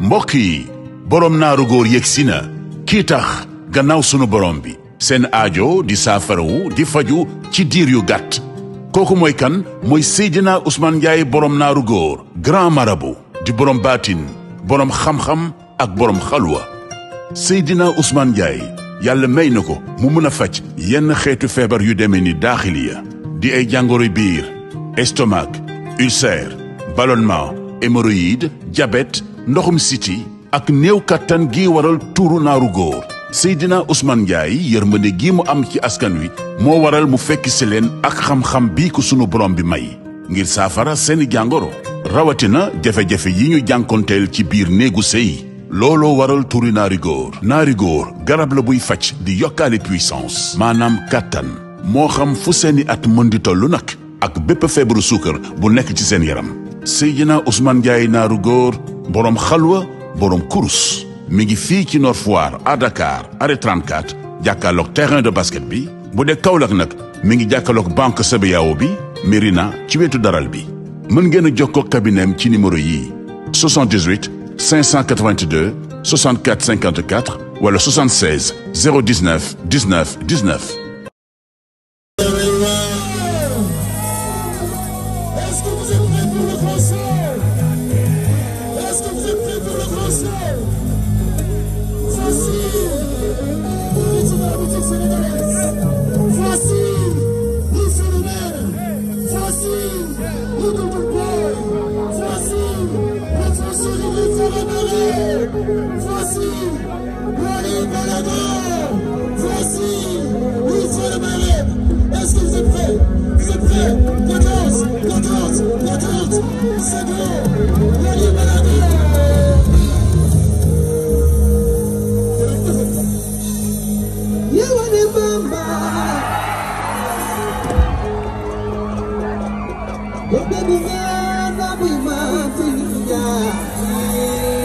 mbokk yi boroom naaru góor yegsi na kii tax gannaaw sunu borom bi seen aajo di saafarawu di faju ci diir yu gàtt kooku mooy kan mooy Seydina usmaan Ndiaye boroom naaru góor grand marabout di borom baatin boroom xam-xam ak boroom xalwa Seydina Ousmane Ndiaye yàlla may na ko mu mën a faj yenn xeetu feebar yu demee ni daaxiliya di ay jàngoro biir estomac ulcère ballonnement hémorroïde diabète ndoxum siti ak néew kattan gi waral tuuru naaru góor Seydina Ousmane Ndiaye yërmande gi mu am ci askan wi moo waral mu fekk si leen ak xam-xam bii ko sunu borom bi may ngir saafara seeni jàngoro rawatina jafe-jafe yi ñu jànkonteel ci biir néegu sëy looloo waral turi naari góor naari góor garab la buy faj di yokkaale puissance maanaam kàttan moo xam fu seeni at mën di tollu nag ak bépp feebaru suukar bu nekk ci seen yaram Seydina Ousmane Ndiaye naaru góor borom xalwa borom kurus mi ngi fii ci Nord à Dakar arrêt 34 jàkkaarloog terrain de basket bi bu dee Kaolack nag mi ngi jàkkaarloog banque CBAO bi Mérina ci wetu daral bi. mën ngeen a jokkoo kabineem ci numéro yii 78 582 64 54 wala 76 019 19 19. Yo baby, yeah, I'll be my